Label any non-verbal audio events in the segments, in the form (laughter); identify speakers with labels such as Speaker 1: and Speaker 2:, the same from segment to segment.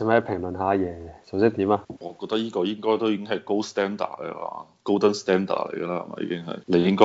Speaker 1: 使唔使評論下嘢？首先點啊？我
Speaker 2: 覺得呢個應該都已經係高 standard 啦 golden standard 嚟噶啦，係咪已經係？你應該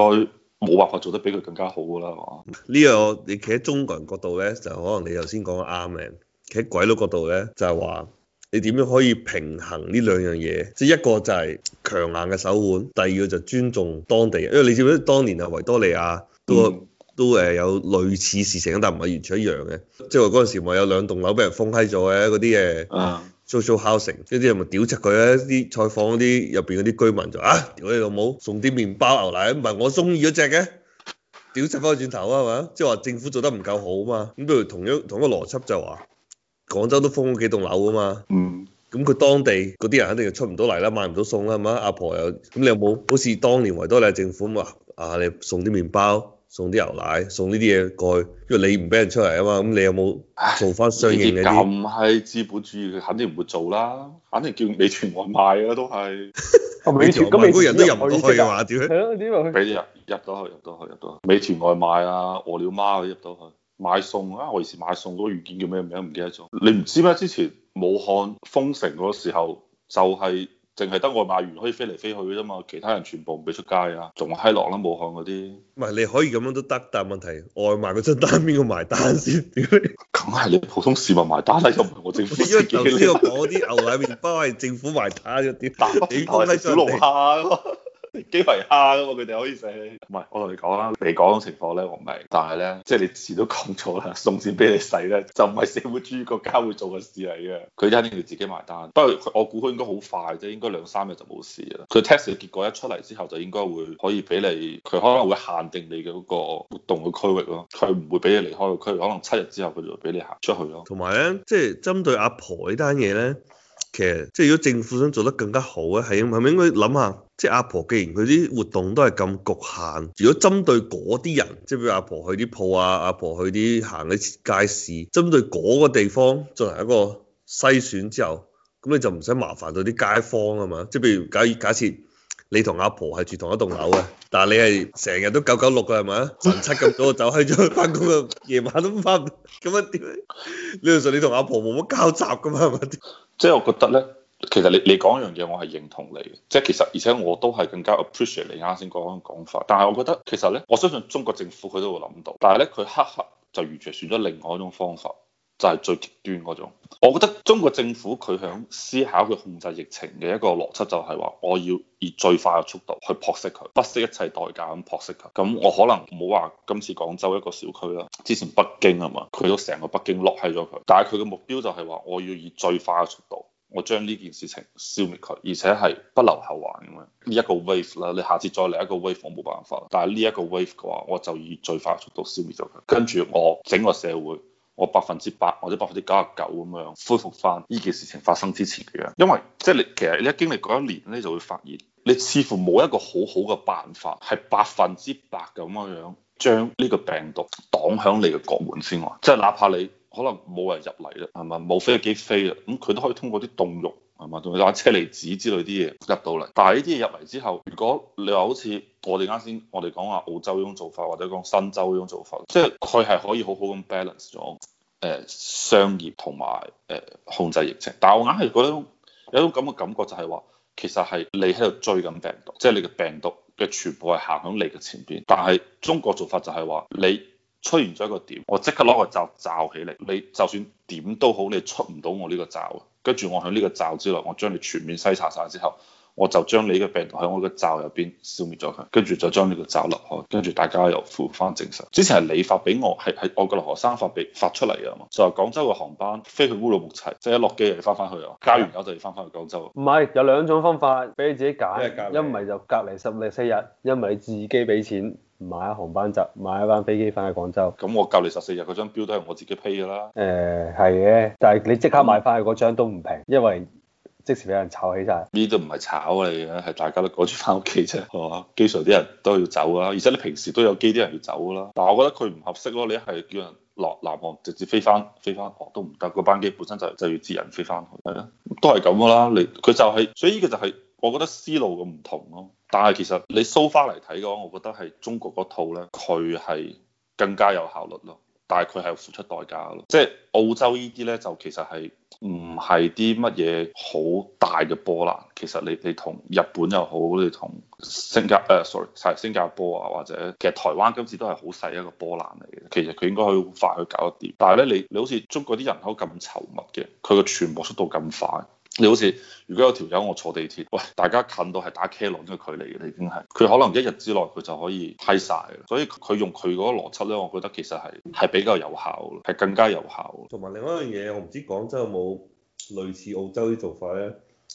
Speaker 2: 冇辦法做得比佢更加好噶啦，呢、嗯這
Speaker 3: 個你企喺中國人角度咧，就可能你頭先講嘅啱嘅；企喺鬼佬角度咧，就係、是、話你點樣可以平衡呢兩樣嘢？即、就、係、是、一個就係強硬嘅手腕，第二個就尊重當地人，因為你知唔知？當年啊，維多利亞都、嗯。都誒有類似事情，但唔係完全一樣嘅。即係話嗰陣時咪有兩棟樓俾人封閪咗嘅嗰啲誒 social housing，跟住啲人咪屌柒佢咧。啲採訪嗰啲入邊嗰啲居民就啊屌你老母，送啲麵包牛奶，唔係我中意嗰隻嘅，屌柒翻轉頭啊嘛。即係話政府做得唔夠好啊嘛。咁不如同樣同一個邏輯就話、是、廣州都封咗幾棟樓啊嘛，咁佢、嗯、當地嗰啲人肯定就出唔到嚟啦，買唔到餸啦，係嘛？阿婆又咁，你有冇好似當年維多利亞政府話啊，你送啲麵包？送啲牛奶，送呢啲嘢過去，因為你唔俾人出嚟啊嘛，咁你有冇做翻相應嗰啲？咁係
Speaker 2: 資本主義，佢肯定唔會做啦，反正叫美團外賣啊都係。 (laughs) 美團咁每個人都入到去啊？屌入，係咯，點入入到去，入到去，入到去，去，去。美團外賣啊，餓了嗎入到去買餸啊？我以前買餸嗰、那個軟件叫咩名唔記得咗？你唔知咩？之前武漢封城嗰時候就係、是。淨係得外賣員可以飛嚟飛去啫嘛，其他人全部唔俾出街啊，仲閪落啦武漢嗰啲。
Speaker 3: 唔係你可以咁樣都得，但係問題外賣嗰張單邊個埋單先？屌！梗係你普通市民埋單啦，又唔係我政府自己嘅。因為頭先我講啲牛奶麵包係政府埋單嗰啲，你講係做龍蝦
Speaker 2: 喎。幾為蝦噶喎？佢哋可以死。唔係我同你講啦，你講嗰種情況咧，我唔係，但係咧，即係你字都講咗啦，送錢俾你洗咧，就唔係社會主義國家會做嘅事嚟嘅，佢一定要自己埋單。不過我估佢應該好快啫，應該兩三日就冇事啦。佢 test 嘅結果一出嚟之後，就應該會可以俾你，佢可能會限定你嘅嗰個活動嘅區域咯，佢唔會俾你離開個區域，可能七日之後佢就俾你行出去咯。同埋咧，即係針對阿婆呢單
Speaker 3: 嘢咧。其實，即係如果政府想做得更加好咧，係啊，係咪應該諗下？即係阿婆，既然佢啲活動都係咁局限，如果針對嗰啲人，即係譬如阿婆去啲鋪啊，阿婆去啲行啲街市，針對嗰個地方進行一個篩選之後，咁你就唔使麻煩到啲街坊啊嘛。即係譬如假假設你同阿婆係住同一棟樓嘅，但係你係成日都九九六嘅係咪啊？晨七咁早就走喺咗去翻工啊，夜晚都唔翻，咁啊點咧？理論上你同阿婆冇乜交集噶嘛，係咪？
Speaker 2: 即係我覺得咧，其實你你講一樣嘢，我係認同你嘅。即係其實，而且我都係更加 appreciate 你啱先講嘅講法。但係我覺得其實咧，我相信中國政府佢都會諗到，但係咧佢恰恰就完全選咗另外一種方法。就係最極端嗰種，我覺得中國政府佢響思考佢控制疫情嘅一個邏輯就係話，我要以最快嘅速度去撲熄佢，不惜一切代價咁撲熄佢。咁我可能唔好話今次廣州一個小區啦，之前北京啊嘛，佢都成個北京落喺咗佢。但係佢嘅目標就係話，我要以最快嘅速度，我將呢件事情消滅佢，而且係不留後患咁樣。呢一個 wave 啦，你下次再嚟一個 wave 我冇辦法，但係呢一個 wave 嘅話，我就以最快嘅速度消滅咗佢，跟住我整個社會。我百分之百或者百分之九十九咁樣恢復翻呢件事情發生之前嘅樣，因為即係你其實你一經歷過一年咧，你就會發現你似乎冇一個好好嘅辦法係百分之百咁嘅樣將呢個病毒擋響你嘅國門之外，即係哪怕你可能冇人入嚟啦，係咪？冇飛機飛啊，咁、嗯、佢都可以通過啲洞穴。係嘛？仲有啲車釐子之類啲嘢入到嚟，但係呢啲嘢入嚟之後，如果你話好似我哋啱先，我哋講話澳洲呢種做法，或者講新洲呢種做法，即係佢係可以好好咁 balance 咗誒商業同埋誒控制疫情。但係我硬係覺得有種咁嘅感覺就係話，其實係你喺度追緊病毒，即係你嘅病毒嘅全部係行響你嘅前邊。但係中國做法就係話你。出現咗一個點，我即刻攞個罩罩起嚟，你就算點都好，你出唔到我呢個罩啊。跟住我喺呢個罩之內，我將你全面篩查晒之後，我就將你嘅病毒喺我個罩入邊消滅咗佢，跟住就將呢個罩立開，跟住大家又恢復翻正常。之前係你發俾我，係係我個學生發俾發出嚟嘅嘛，就話、是、廣州嘅航班飛去烏魯木齊，即、就是、一落機又要翻返去啊，加完油就要翻返去廣州。
Speaker 1: 唔係有兩種方法俾你自己揀，一唔係就隔離十四日，一唔係自己俾錢。買一航班集，買一班飛機翻去廣州。咁
Speaker 2: 我隔離十四日嗰張票都係我自己批 a y 噶啦。
Speaker 1: 誒係嘅，但係你即刻買翻
Speaker 2: 去嗰張都唔平，因為即時有人炒起晒，呢都唔係炒嚟嘅，係大家都趕住翻屋企啫，係嘛？機上啲人都要走啦、啊，而且你平時都有機啲人要走啦、啊。但係我覺得佢唔合適咯、啊，你係叫人落南航直接飛翻飛翻學都唔得，個班機本身就係就要接人飛翻去。係啊，都係咁噶啦，你佢就係、是，所以呢個就係、是。我覺得思路嘅唔同咯、啊，但係其實你收翻嚟睇嘅話，我覺得係中國嗰套咧，佢係更加有效率咯，但係佢係付出代價咯。即係澳洲呢啲咧，就其實係唔係啲乜嘢好大嘅波浪。其實你你同日本又好，你同星加誒，sorry，新加坡啊，sorry，坡或者其實台灣今次都係好細一個波浪嚟嘅。其實佢應該可以快去搞得掂。但係咧，你你好似中國啲人口咁稠密嘅，佢嘅傳播速度咁快。你好似如果有條友我坐地鐵，喂，大家近到係打車輪嘅距離嘅，已經係佢可能一日之內佢就可以閪晒嘅。所以佢用佢嗰個邏輯咧，我覺得其實係係比較有效嘅，係更加有效。
Speaker 3: 同埋另外一樣嘢，我唔知廣州有冇類似澳洲啲做法咧？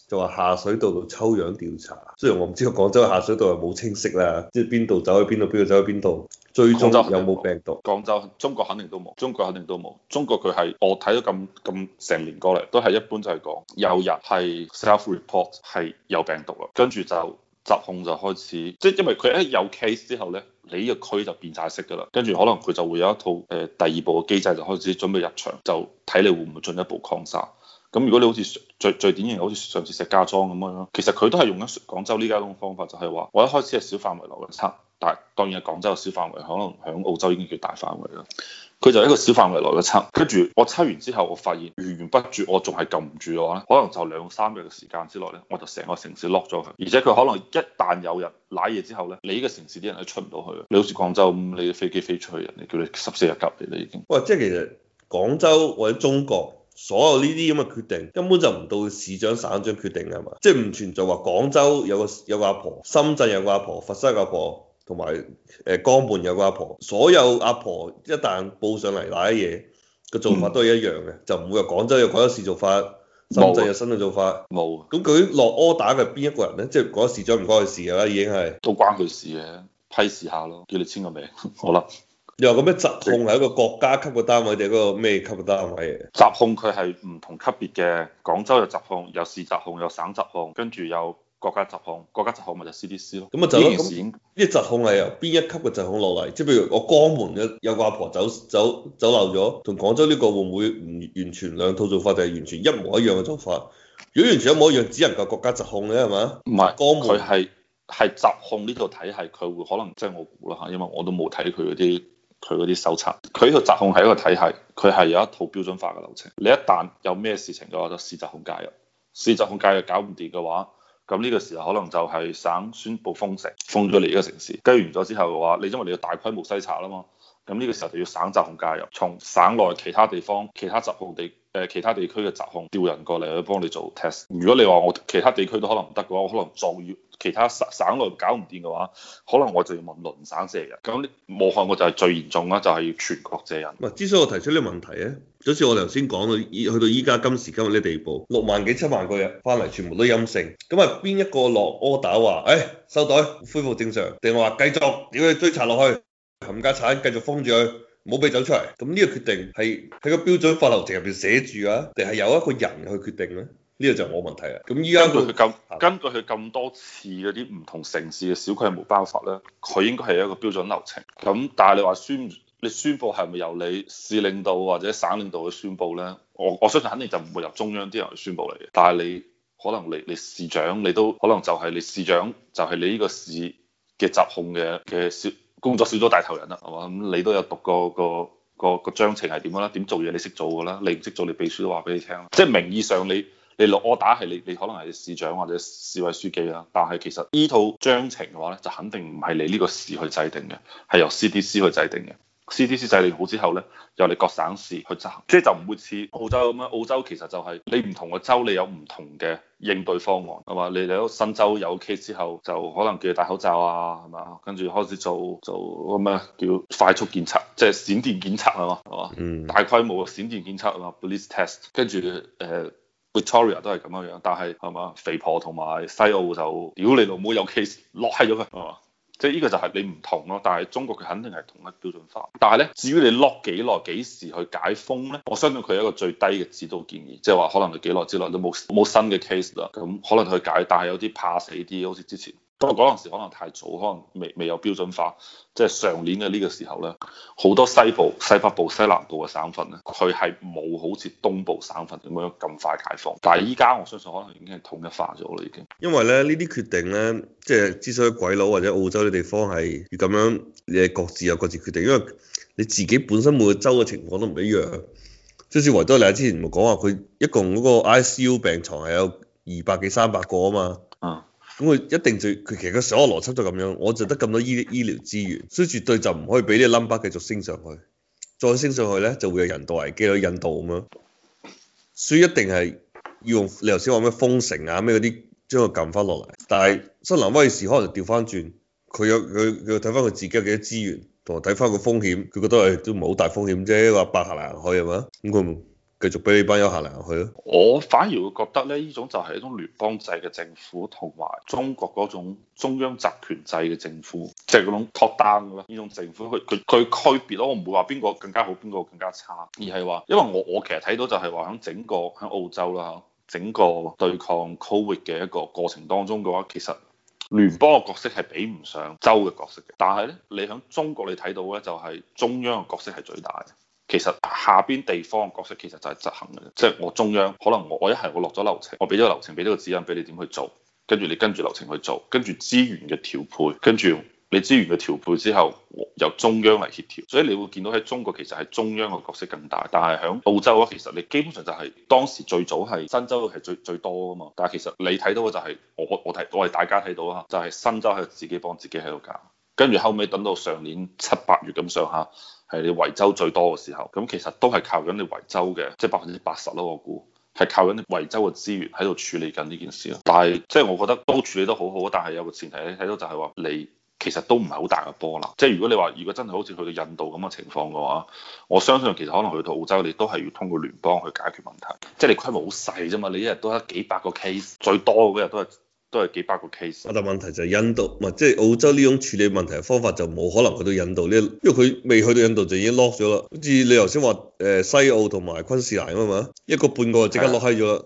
Speaker 3: 就話下水道度抽樣調查，雖然我唔知個廣州下水道
Speaker 2: 有冇清晰啦，即係邊度走去邊度，邊度走去邊度，最終有冇病毒？廣州，廣州中，中國肯定都冇，中國肯定都冇，中國佢係我睇咗咁咁成年過嚟，都係一般就係講有人係 self report 係有病毒啦，跟住就疾控就開始，即係因為佢一有 case 之後咧，你個區就變晒色㗎啦，跟住可能佢就會有一套誒第二步嘅機制就開始準備入場，就睇你會唔會進一步擴散。咁如果你好似最最典型，好似上次石家莊咁樣咯，其實佢都係用緊廣州呢家咁嘅方法，就係話我一開始係小範圍內嘅測，但係當然係廣州嘅小範圍，可能喺澳洲已經叫大範圍啦。佢就一個小範圍內嘅測，跟住我測完之後，我發現源源不絕，我仲係撳唔住嘅話咧，可能就兩三日嘅時間之內咧，我就成個城市 lock 咗佢，而且佢可能一旦有人攋嘢之後咧，你呢個城市啲人係出唔到去。你好似廣州咁，你啲飛機飛出去，人哋叫你十四日隔離你已經。
Speaker 3: 喂、哦，即係其實廣州或者中國。所有呢啲咁嘅決定根本就唔到市長省長決定㗎嘛，即係唔存在話廣州有個有個阿婆，深圳有個阿婆，佛山個阿婆，同埋誒江門有個阿婆，所有阿婆一旦報上嚟嗱啲嘢，個做法都係一樣嘅，嗯、就唔會話廣州有廣州市做法，深圳有深圳做法，冇。咁究竟落柯打嘅係邊一個人咧？即係嗰個市長唔關佢事啦，已經係都關佢事嘅，
Speaker 2: 批示下咯，叫你簽個名，嗯、好啦。
Speaker 3: 又咁樣疾控係一個
Speaker 2: 國家級嘅單位定係一個咩級嘅單位？疾控佢係唔同級別嘅，廣州有疾控，有市疾控，有省疾控，跟住有國家疾控。國家疾控咪就 CDC 咯。咁啊就呢件
Speaker 3: 啲疾控係由邊一級嘅疾控落嚟？即係譬如我江門嘅有個阿婆走走走漏咗，同廣州呢個會唔會唔完全兩套做法，定係完全一模一樣嘅做
Speaker 2: 法？如果完全一模一樣，只能夠國家疾控咧，係咪？唔係，佢係係疾控呢套江門體系，佢會可能即係、就是、我估啦嚇，因為我都冇睇佢嗰啲。佢嗰啲搜查，佢呢個疾控係一個體系，佢係有一套標準化嘅流程。你一旦有咩事情嘅話，就市疾控介入，市疾控介入搞唔掂嘅話，咁呢個時候可能就係省宣布封城，封咗你呢個城市。跟完咗之後嘅話，你因為你要大規模篩查啦嘛，咁呢個時候就要省疾控介入，從省內其他地方、其他疾控地。誒其他地區嘅疾控調人過嚟去幫你做 test。如果你話我其他地區都可能唔得嘅話，我可能仲要其他省省內搞唔掂嘅話，可能我就要問鄰省借人。咁，武漢我就係最嚴重啦，就係要全國借人。
Speaker 3: 喂、啊，之所以我提出呢個問題咧，
Speaker 2: 就好似我頭先講到去到依家今時今日呢地步，
Speaker 3: 六萬幾七萬個嘢翻嚟全部都陰性，咁啊邊一個落 order 話，誒、哎、收袋恢復正常，定話繼續屌你追查落去，冚家鏟繼續封住佢？冇畀走出嚟，咁呢個決定係喺個標準法流程入邊寫住啊，定係由一個人去決定咧？
Speaker 2: 呢個就冇問題啦。咁依家佢咁根據佢咁多次嗰啲唔同城市嘅小規模爆發咧，佢應該係一個標準流程。咁但係你話宣你宣佈係咪由你市領導或者省領導去宣佈咧？我我相信肯定就唔會由中央啲人去宣佈嚟嘅。但係你可能你你市長你都可能就係你市長就係你呢個市嘅疾控嘅嘅小。工作少咗大頭人啦，係嘛？咁你都有讀過，嗰個個個章程係點樣咧？點做嘢你識做㗎啦？你唔識做，你秘書都話俾你聽啦。即係名義上你你落我打係你你可能係市長或者市委書記啦，但係其實呢套章程嘅話咧，就肯定唔係你呢個市去制定嘅，係由 CDC 去制定嘅。C D C 制定好之後咧，由你各省市去執行，即係就唔會似澳洲咁樣。澳洲其實就係你唔同個州你有唔同嘅應對方案，係嘛？你嚟到新州有 case 之後，就可能叫你戴口罩啊，係嘛？跟住開始做做咁樣叫快速檢測，即係閃電檢測，係嘛？係嘛？嗯。大規模嘅閃電檢測啊，blitz test，跟住誒、呃、Victoria 都係咁樣樣，但係係嘛？肥婆同埋西澳就屌你老母有 case 落閪咗佢，係嘛？即係呢個就係你唔同咯，但係中國佢肯定係同一標準化。但係咧，至於你 lock 幾耐、幾時去解封咧，我相信佢係一個最低嘅指導建議，即係話可能係幾耐之內都冇冇新嘅 case 啦。咁可能佢解。但係有啲怕死啲，好似之前。不過嗰陣時可能太早，可能未未有標準化。即係上年嘅呢個時候咧，好多西部、西北部、西南部嘅省份咧，佢係冇好似東部省份咁樣咁快解放。但係依家我相信可能已經係統一化咗啦，已經。
Speaker 3: 因為咧呢啲決定咧，即係之所以鬼佬或者澳洲啲地方係咁樣嘢，你各自有各自決定。因為你自己本身每個州嘅情況都唔一樣。即係維多利亞之前唔講話，佢一共嗰個 ICU 病床係有二百幾三百個啊嘛。啊。嗯咁佢一定就，佢其實所有邏輯就咁樣，我就得咁多醫醫療資源，所以絕對就唔可以俾啲 number 繼續升上去，再升上去咧就會有人道危機咯，印度咁樣，所以一定係要用你頭先話咩封城啊咩嗰啲，將佢撳翻落嚟。但係新南威士可能調翻轉，佢有佢佢睇翻佢自己有幾多資源，同埋睇翻個風險，佢覺得誒、哎、都唔係好大風險啫，話百下難去係嘛，咁佢咪。繼續俾你班優客嚟去咯，我
Speaker 2: 反而會覺得咧，依種就係一種聯邦制嘅政府，同埋中國嗰種中央集權制嘅政府，即係嗰種 top down 咯，依種政府佢佢佢區別咯，我唔會話邊個更加好，邊個更加差，而係話，因為我我其實睇到就係話喺整個喺澳洲啦，整個對抗 Covid 嘅一個過程當中嘅話，其實聯邦嘅角色係比唔上州嘅角色嘅。但係咧，你喺中國你睇到咧，就係中央嘅角色係最大嘅。其實下邊地方嘅角色其實就係執行嘅，即係我中央可能我我一係我落咗流程，我俾咗個流程，俾呢個指引俾你點去做，跟住你跟住流程去做，跟住資源嘅調配，跟住你資源嘅調配之後，由中央嚟協調。所以你會見到喺中國其實係中央嘅角色更大，但係喺澳洲啊，其實你基本上就係當時最早係新州係最最多噶嘛，但係其實你睇到嘅就係、是、我我睇我係大家睇到啊，就係、是、新州係自己幫自己喺度搞，跟住後尾等到上年七八月咁上下。係你維州最多嘅時候，咁其實都係靠緊你維州嘅，即係百分之八十咯。我估係靠緊你維州嘅資源喺度處理緊呢件事咯。但係即係我覺得都處理得好好但係有個前提你睇到就係話，你其實都唔係好大嘅波浪。即係如果你話如果真係好似去到印度咁嘅情況嘅話，我相信其實可能去到澳洲你都係要通過聯邦去解決問題。即、就、係、是、你規模好細啫嘛，你一日都得幾百個,個 case，最多嗰日都係。都係幾百個 case，
Speaker 3: 但係問題就係印度唔係即係澳洲呢種處理問題嘅方法就冇可能去到印度呢，因為佢未去到印度就已經 lock 咗啦。好似你頭先話誒西澳同埋昆士蘭啊嘛，一個半個就即刻 lock 咗啦，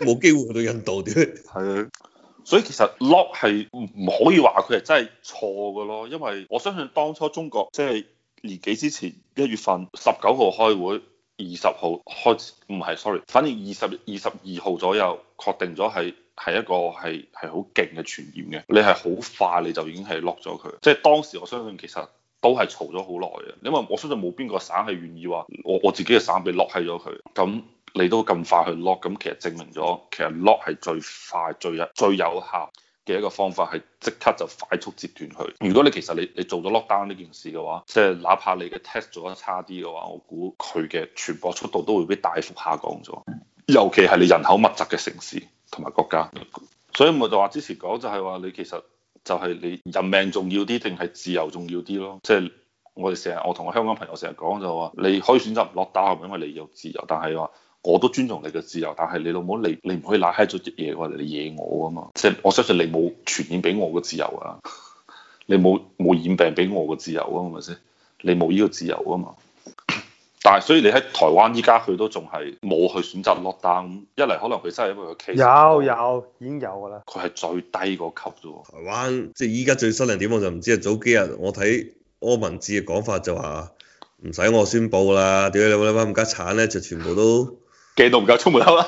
Speaker 2: 冇的機會去到印度點？係啊的， (laughs) 所以其實 lock 係唔可以話佢係真係錯㗎囉，因為我相信當初中國即係、就是、年幾之前一月份十九號開會，二十號開始唔係 sorry，反正二十二十二號左右確定咗係。係一個係係好勁嘅傳染嘅，你係好快你就已經係 lock 咗佢。即係當時我相信其實都係嘈咗好耐嘅，因為我相信冇邊個省係願意話我我自己嘅省俾 lock 咗佢。咁你都咁快去 lock，咁其實證明咗其實 lock 係最快、最有最有效嘅一個方法，係即刻就快速截斷佢。如果你其實你你做咗 lock down 呢件事嘅話，即係哪怕你嘅 test 做得差啲嘅話，我估佢嘅傳播速度都會俾大幅下降咗，尤其係你人口密集嘅城市。同埋國家，所以咪就話之前講就係話你其實就係你人命重要啲定係自由重要啲咯？即係我哋成日我同我香港朋友成日講就話你可以選擇唔落打，係咪？因為你有自由，但係話我都尊重你嘅自由，但係你老母你你唔可以拉喺咗啲嘢過嚟惹我啊嘛！即係我相信你冇傳染俾我嘅自由啊，你冇冇染病俾我嘅自由啊？係咪先？你冇呢個自由啊嘛！但係，所以你喺台灣依家佢都仲係冇去選擇 lockdown，一嚟可能佢
Speaker 1: 真係因為佢 case 有有已經有噶啦，
Speaker 2: 佢係最低個級啫喎。台灣即係依家
Speaker 3: 最新嘅點，我就唔知啊。早幾日我睇柯文哲嘅講法就話唔使我宣佈啦，點解你你你咁鬼慘咧？就全部都
Speaker 2: 驚到唔夠出門口啦。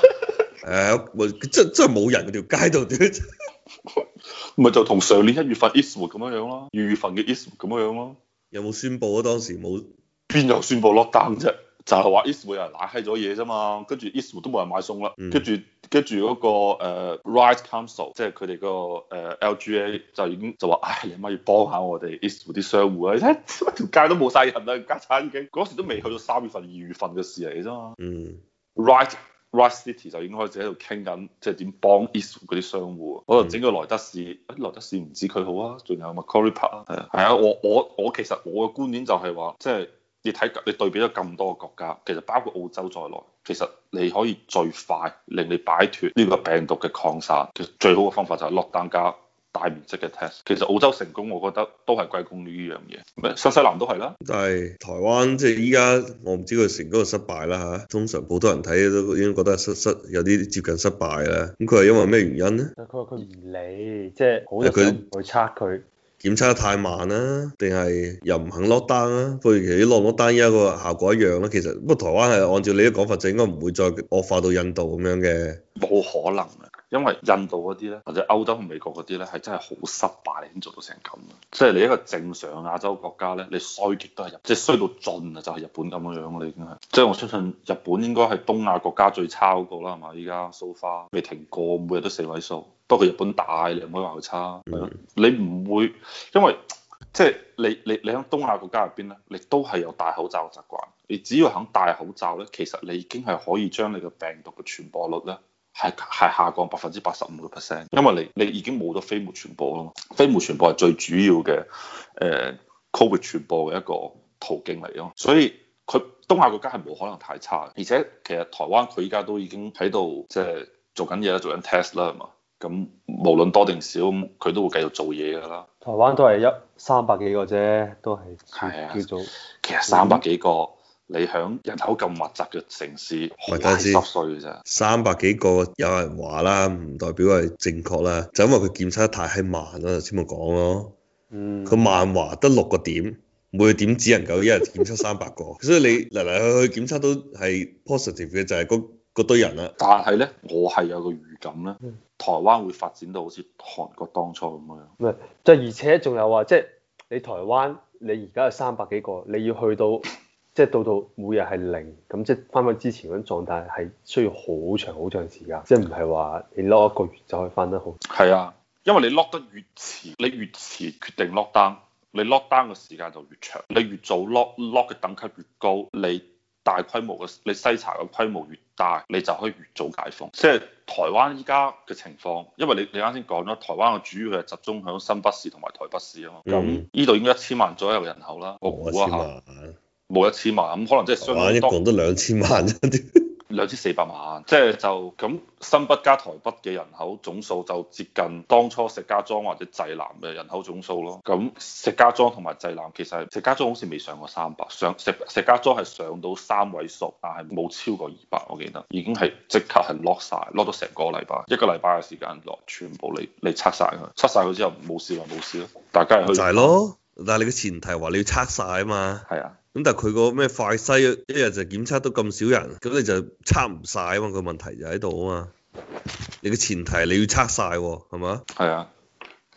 Speaker 2: 誒、 (laughs) 呃，咪真真係冇人嗰條街度點？咪 (laughs) (laughs) 就同上年一月份 ism、e、咁樣樣咯，二月份嘅 ism 咁樣樣咯。 (laughs) 有冇宣佈啊？當時冇。邊有宣布 lockdown 啫？就係話 Eastwood 有人拉黑咗嘢啫嘛，跟住 Eastwood 都冇人買餸啦，跟住跟住嗰個、uh, Right Council，即係佢哋個誒、uh, LGA 就已經就話，唉、哎，你阿媽要幫下我哋 Eastwood 啲商戶啊！你睇乜條街都冇晒人啦，家餐經嗰時都未去到三月份、二月份嘅事嚟啫嘛。嗯，Right Right City 就已經開始喺度傾緊，即係點幫 Eastwood 嗰啲商戶。可能整個萊德士，誒、哎、萊德士唔知佢好啊，仲有 Macquarie Park 啊。係啊，啊，我我我，我其實我嘅觀點就係話，即、就、係、是。就是就是就是。你睇你對比咗咁多個國家，其實包括澳洲在內，其實你可以最快令你擺脱呢個病毒嘅擴散，其實最好嘅方法就係落單加大面積嘅 test。其實澳洲成功，我覺得都係歸功於呢樣嘢。咩？新西蘭都係啦，
Speaker 3: 但係台灣即係依家我唔知佢成功定失敗啦嚇。通常好多人睇都已經覺得失失有啲接近失敗啦。咁佢係因為咩原因
Speaker 1: 咧？佢話佢唔理，即係好想去測佢。
Speaker 3: 檢測得太慢啦，定係又唔肯落單啊？不如其實你落唔落單，依家個效果一樣啦，啊。其實不過台灣係按照你嘅講法，就應該唔會再惡化到印度咁樣嘅。冇
Speaker 2: 可能啊！因為印度嗰啲咧，或者歐洲同美國嗰啲咧，係真係好失敗，你已經做到成咁。即係你一個正常亞洲國家咧，你衰極都係日本，即係衰到盡啊，就係日本咁樣樣啦，你已經係。即係我相信日本應該係東亞國家最差嗰個啦，係嘛？依家數花未停過，每日都四位數。不過日本大，你唔可以話佢差。你唔會，因為即係你你你喺東亞國家入邊咧，你都係有戴口罩嘅習慣。你只要肯戴口罩咧，其實你已經係可以將你嘅病毒嘅傳播率咧。係係下降百分之八十五個 percent，因為你你已經冇咗飛沫傳播咯，飛沫傳播係最主要嘅誒 covid 傳播嘅一個途徑嚟咯，所以佢東亞國家係冇可能太差嘅。而且其實台灣佢依家都已經喺度即係做緊嘢啦，做緊 test 啦，係嘛？咁無論多定少，佢都會繼續做嘢㗎啦。
Speaker 1: 台灣都係一三百幾個啫，都係叫做其實
Speaker 2: 三百幾個。你喺人口咁密集嘅城市，百十歲㗎
Speaker 3: 三百幾個有人話啦，唔代表係正確啦，就因為佢檢測得太慢啦先冇講咯。嗯。佢慢話得六個點，每個點只能夠一日檢測三百個， (laughs) 所以你
Speaker 2: 嚟嚟去去檢測都係 positive 嘅就係、嗰、嗰堆人啦。但係呢，我係有個預感啦，台灣會發展到好似韓國當初咁樣。咩、
Speaker 1: 嗯？就而且仲有話，即係你台灣你而家係三百幾個，你要去到。即係到到每日係零，咁即係翻返之前嗰種狀態係需要好長好長時間，即係唔係話你 lock 一個月就可以翻得好。係啊，
Speaker 2: 因為你 lock 得越遲，你越遲決定 lock down，你 lock down 嘅時間就越長。你越早 lock lock 嘅等級越高，你大規模嘅你篩查嘅規模越大，你就可以越早解封。即係台灣依家嘅情況，因為你你啱先講咗，台灣嘅主要係集中喺新北市同埋台北市啊嘛。咁呢度應該一千萬左右人口啦，我估下。一千冇一千萬嘛，咁可能即係相。萬一共都
Speaker 3: 兩千萬，
Speaker 2: (laughs) 兩千四百萬，即係就咁、是、新北加台北嘅人口總數就接近當初石家莊或者濟南嘅人口總數咯。咁石家莊同埋濟南其實係石家莊好似未上過三百，上石石家莊係上到三位數，但係冇超過二百，我記得已經係即刻係落曬，落到成個禮拜，一個禮拜嘅時間落全部你你測曬佢，測晒佢之後冇事就冇事咯，大家去就
Speaker 3: 咯。但係你嘅前提話你要測晒啊嘛，係啊，咁但係佢個咩快篩一日就檢測到咁少人，咁你就測唔晒啊嘛，個問題就喺度啊嘛。你嘅前提你要測晒，係嘛？係啊。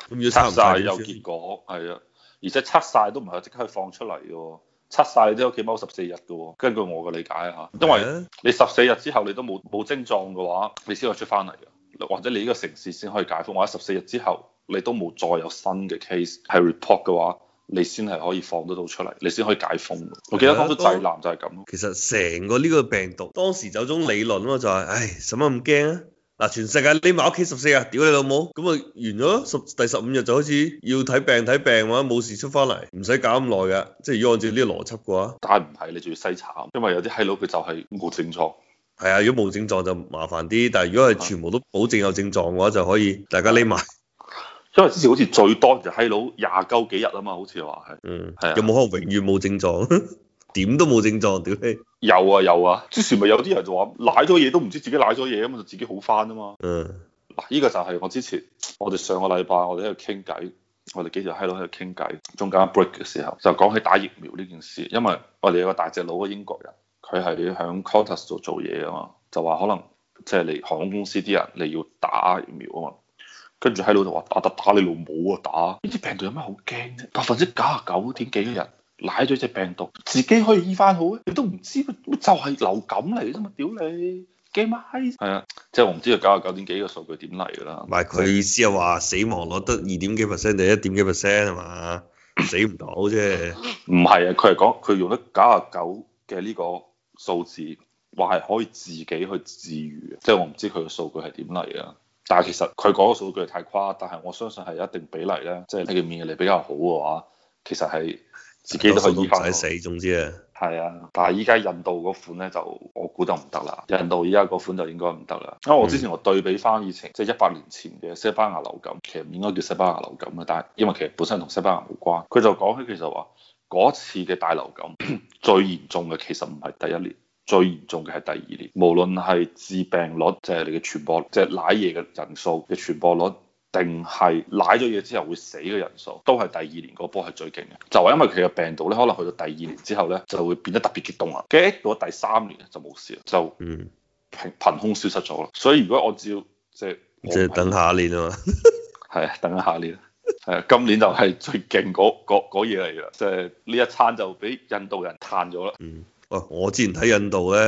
Speaker 3: 咁要測唔晒有結
Speaker 2: 果，係啊。而且測晒都唔係即刻可以放出嚟嘅，測晒都要喺屋企踎十四日嘅。根據我嘅理解啊，因為你十四日之後你都冇冇症狀嘅話，你先可以出翻嚟噶，或者你呢個城市先可以解封，或者十四日之後，你都冇再有新嘅 case 係 report 嘅話，你先係可以放得到出嚟，你先可以解封。的我記得當初濟南就係咁。
Speaker 3: 其實成個呢個病毒當時有種理論咯，就係、是、唉，使乜咁驚啊？嗱，全世界匿埋屋企十四日，屌你老母咁啊，完咗十第十五日就開始要睇病睇病嘅話，冇事出翻嚟，唔使搞咁耐嘅，即係如果按照呢個邏輯嘅話。但係唔係你仲要西慘？因為有啲閪佬佢就係冇症狀。係啊，如果冇症狀就麻煩啲，但係如果係全部都保證有症狀嘅話，就可以大家匿埋。因為之前好似最多就閪佬
Speaker 2: 廿嚿幾日啊嘛，好似話係。嗯，
Speaker 3: 係啊。有冇可能永遠冇症狀？點 (laughs) 都冇症狀？屌你！
Speaker 2: 有啊有啊，之前咪有啲人就話，賴咗嘢都唔知自己賴咗嘢啊嘛，就自己好返啊嘛。嗯。嗱，呢個就係我之前，我哋上個禮拜我哋喺度傾偈，我哋幾條閪佬喺度傾偈，中間 break 嘅時候就講起打疫苗呢件事，因為我哋有個大隻佬個英國人，佢係喺 Qantas 度做嘢啊嘛，就話可能即係嚟航空公司啲人你要打疫苗啊嘛。跟住喺老豆話打打打你老母啊打！呢啲病毒有咩好驚啫？百分之九啊九點幾嘅人拉咗隻病毒，自己可以醫翻好啊！你都唔知，就係流感嚟啫嘛！屌你，驚乜？係啊，即係我唔知佢九啊九點幾嘅數據點嚟啦。
Speaker 3: 唔係佢意思係話死亡率得二點幾 percent 定一點幾 percent
Speaker 2: 係嘛？死唔到啫。唔係啊，佢係講佢用得九啊九嘅呢個數字話係可以自己去治愈嘅，即係我唔知佢嘅數據係點嚟啊。但係其實佢嗰個數據太誇，但係我相信係一定比例咧，即係佢免疫力比較好嘅話，其實係自己都可以醫翻。多數都死，總之係。係啊，但係依家印度嗰款咧就我估得唔得啦。印度依家嗰款就應該唔得啦，因為我之前我對比翻以前，即係一百年前嘅西班牙流感，其實唔應該叫西班牙流感嘅，但係因為其實本身同西班牙冇關，佢就講起其實話嗰次嘅大流感 (coughs) 最嚴重嘅其實唔係第一年。最嚴重嘅係第二年，無論係致病率，即係你嘅傳播，即係舐嘢嘅人數嘅傳播率，定係舐咗嘢之後會死嘅人數，都係第二年嗰波係最勁嘅。就係因為佢嘅病毒咧，可能去到第二年之後咧，就會變得特別激動啊！結果第三年就冇事啦，就嗯憑空消失咗啦。所以如果按照即係即係等下一年啊嘛，係 (laughs) 啊，等一下年，係啊，今年就係最勁嗰嘢嚟嘅。即係呢一餐就俾印度人嘆咗啦。嗯
Speaker 3: 哦，我之前睇印度咧，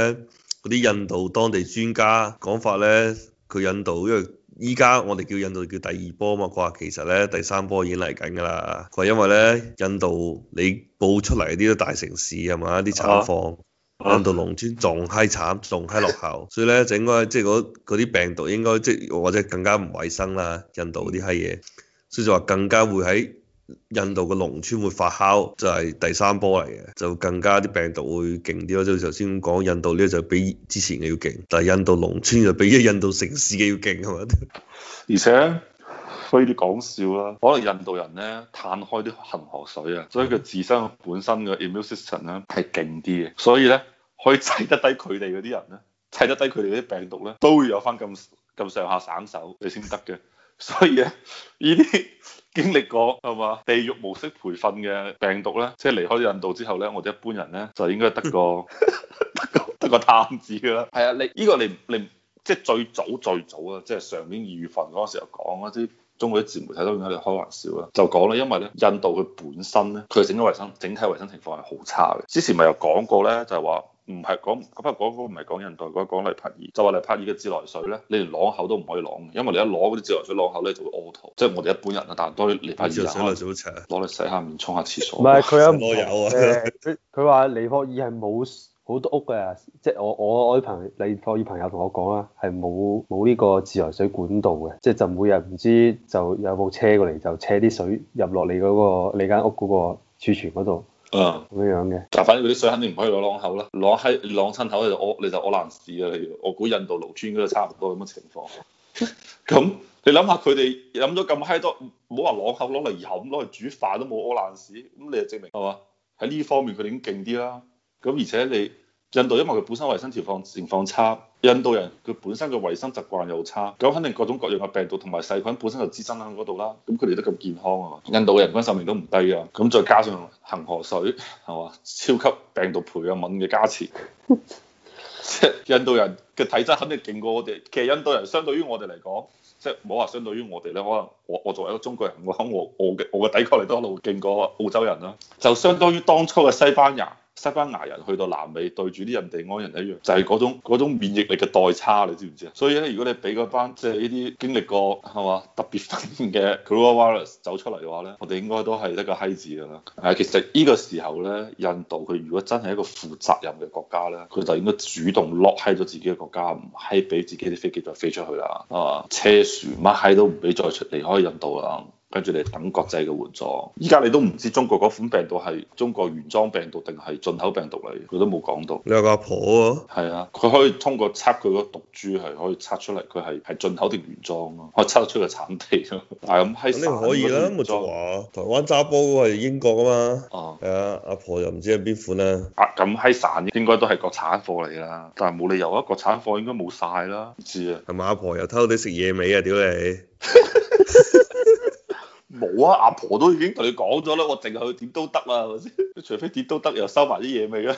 Speaker 3: 嗰啲印度當地專家講法咧，佢印度因為依家我哋叫印度叫第二波嘛，佢話其實咧第三波已經嚟緊㗎喇，佢話因為咧印度你報出嚟嗰啲都大城市係嘛，啲慘況，啊、印度農村仲閪慘，仲閪落後，所以咧整個即係嗰啲病毒應該即係、就是、或者更加唔衞生啦，印度嗰啲閪嘢，所以就話更加會喺。印度嘅農村會發酵，就係、是、第三波嚟嘅，就更加啲病毒會勁啲咯。即係頭先咁講，印度呢就比之前嘅要勁，但係印度農村就比啲印度城市嘅
Speaker 2: 要勁係嘛？而且，所以你講笑啦，可能印度人咧，攤開啲恒河水啊，所以佢自身本身嘅 immune system 咧係勁啲嘅，所以咧可以砌得低佢哋嗰啲人咧，砌得低佢哋嗰啲病毒咧，都會有翻咁咁上下省手，你先得嘅。所以咧，依啲經歷過係嘛地獄模式培訓嘅病毒咧，即係離開印度之後咧，我哋一般人咧就應該得個 (laughs) 得個探子㗎啦。係啊，你依、這個你你即係、就是、最早最早啊，即、就、係、是、上年二月份嗰個時候講嗰啲中國啲自媒體都用喺度開玩笑啦，就講咧，因為咧印度佢本身咧，佢整個衞生，整體衞生情況係好差嘅。之前咪有講過咧，就係、是、話。唔係講，嗰班講唔係講人代，講講尼泊爾。就話尼泊爾嘅自來水咧，你連啷口都唔可以啷嘅，因為你一攞嗰啲自來水啷口咧就會屙肚。即係我哋一般人啊，但係多啲尼泊爾攞嚟洗下面，沖下廁所。唔係佢有，油啊，
Speaker 1: 佢話尼泊爾係冇好多屋嘅，即係我我我啲朋友，尼泊爾朋友同我講啊，係冇冇呢個自來水管道嘅，即係就每日唔知就有部車過嚟就車啲水入落你嗰個你間、嗰個嗰個、屋嗰個儲存嗰度。啊咁、嗯、樣嘅，
Speaker 2: 但反正佢啲水肯定唔可以攞朗口啦，攞喺朗親口，口就你就屙你就屙爛屎啊！我估印度農村嗰度差唔多咁嘅情況，咁 (laughs) 你諗下佢哋飲咗咁閪多，唔好話朗口攞嚟，然後咁攞嚟煮飯都冇屙爛屎，咁你就證明係嘛？喺呢方面佢哋已經勁啲啦，咁而且你。印度因為佢本身衞生條件情況差，印度人佢本身嘅衞生習慣又差，咁肯定各種各樣嘅病毒同埋細菌本身就滋生喺嗰度啦。咁佢哋都咁健康啊，印度人均壽命都唔低啊。咁再加上恒河水係嘛，超級病毒培養皿嘅加持，即係印度人嘅體質肯定勁過我哋。其實印度人相對於我哋嚟講，即係冇話相對於我哋咧，可能我我作為一個中國人嘅話，我我嘅我嘅抵抗力都好勁過澳洲人啦、啊。就相當於當初嘅西班牙。西班牙人去到南美，對住啲印第安人一樣就種，就係嗰種免疫力嘅代差，你知唔知啊？所以咧，如果你俾嗰班即係呢啲經歷過係嘛特別訓練嘅 coronavirus 走出嚟嘅話咧，我哋應該都係一個嗨」字噶啦。誒，其實呢個時候咧，印度佢如果真係一個負責任嘅國家咧，佢就應該主動落 o 咗自己嘅國家，唔閥俾自己啲飛機再飛出去啦，啊，車船乜嗨都唔俾再出離開印度啦。跟住你等國際嘅援助。依家你都唔知中國嗰款病毒係中國原裝病毒定係進口病毒嚟，佢都冇講到。
Speaker 3: 你有個阿婆喎，
Speaker 2: 係啊，佢、啊、可以通過測佢嗰毒株係可以測出嚟，佢係係進口定原裝咯。我測得出個產地咯。係咁閪散，可以啦，冇錯
Speaker 3: 喎。台灣揸波係英國噶嘛？哦、啊，係啊，阿婆又唔知係邊款啦、
Speaker 2: 啊。阿咁閪散，應該都係國產貨嚟啦。但係冇理由啊，國產貨應該冇晒啦。唔知啊。係咪阿婆又偷偷地食野味啊？屌你！ (laughs) (laughs) 冇啊，阿婆都已經同你講咗啦，我淨係去點都得啦，除非點都得又收埋啲野味啦。